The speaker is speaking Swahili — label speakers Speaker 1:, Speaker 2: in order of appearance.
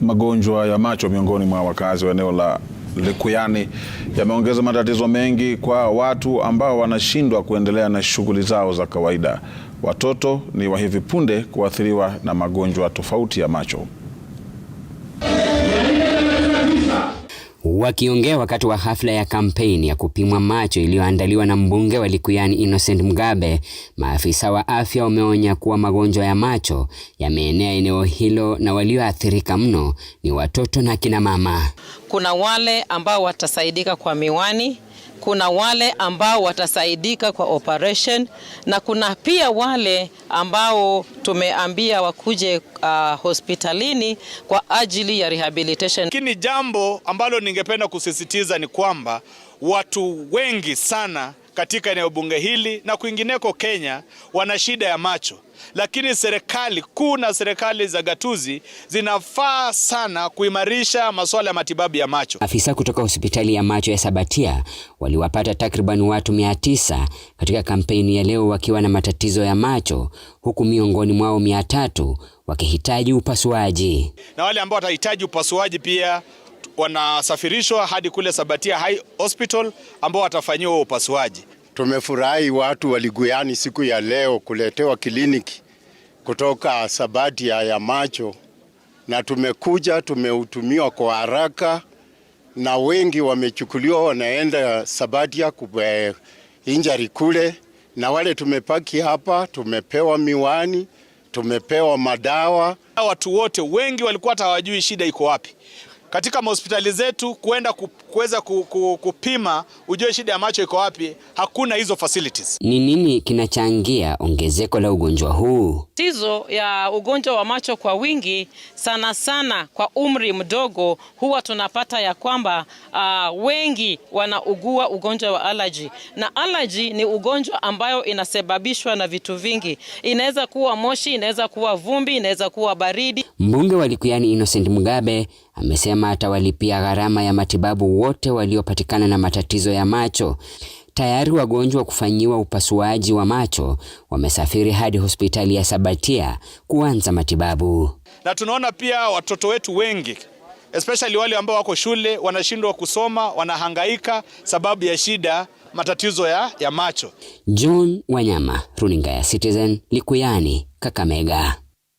Speaker 1: magonjwa ya macho miongoni mwa wakazi wa eneo la Likuyani yameongeza matatizo mengi kwa watu ambao wanashindwa kuendelea na shughuli zao za kawaida. Watoto ni wa hivi punde kuathiriwa na magonjwa tofauti ya macho.
Speaker 2: Wakiongea wakati wa hafla ya kampeni ya kupimwa macho iliyoandaliwa na mbunge wa Likuyani Innocent Mugabe, maafisa wa afya wameonya kuwa magonjwa ya macho yameenea eneo hilo na walioathirika mno ni watoto na kina mama.
Speaker 3: Kuna wale ambao watasaidika kwa miwani kuna wale ambao watasaidika kwa operation na kuna pia wale ambao tumeambia wakuje uh, hospitalini kwa ajili ya rehabilitation.
Speaker 4: Lakini jambo ambalo ningependa kusisitiza ni kwamba watu wengi sana katika eneo bunge hili na kwingineko Kenya wana shida ya macho, lakini serikali kuu na serikali za gatuzi zinafaa sana kuimarisha masuala ya matibabu ya macho.
Speaker 2: Afisa kutoka hospitali ya macho ya Sabatia waliwapata takriban watu mia tisa katika kampeni ya leo wakiwa na matatizo ya macho, huku miongoni mwao mia tatu wakihitaji upasuaji,
Speaker 4: na wale ambao watahitaji upasuaji pia wanasafirishwa hadi kule Sabatia High Hospital ambao watafanyiwa upasuaji.
Speaker 5: Tumefurahi watu waliguyani siku ya leo kuletewa kliniki kutoka sabati ya macho, na tumekuja tumehutumiwa kwa haraka, na wengi wamechukuliwa wanaenda sabatia eh, injari kule, na wale tumepaki hapa tumepewa miwani, tumepewa madawa.
Speaker 4: Watu wote wengi walikuwa hawajui shida iko wapi katika mahospitali zetu kuenda kuweza kupima ujue shida ya macho iko wapi, hakuna hizo facilities.
Speaker 2: Ni nini kinachangia ongezeko la ugonjwa huu?
Speaker 3: Tatizo ya ugonjwa wa macho kwa wingi sana sana kwa umri mdogo, huwa tunapata ya kwamba uh, wengi wanaugua ugonjwa wa allergy, na allergy ni ugonjwa ambayo inasababishwa na vitu vingi. Inaweza kuwa moshi, inaweza kuwa vumbi, inaweza kuwa baridi.
Speaker 2: Mbunge wa Likuyani Innocent Mugabe amesema atawalipia gharama ya matibabu wote waliopatikana na matatizo ya macho. Tayari wagonjwa kufanyiwa upasuaji wa macho wamesafiri hadi hospitali ya Sabatia kuanza matibabu.
Speaker 4: Na tunaona pia watoto wetu wengi especially wale ambao wako shule wanashindwa kusoma, wanahangaika sababu ya shida matatizo ya, ya macho.
Speaker 2: John Wanyama, Runinga ya Citizen, Likuyani, Kakamega.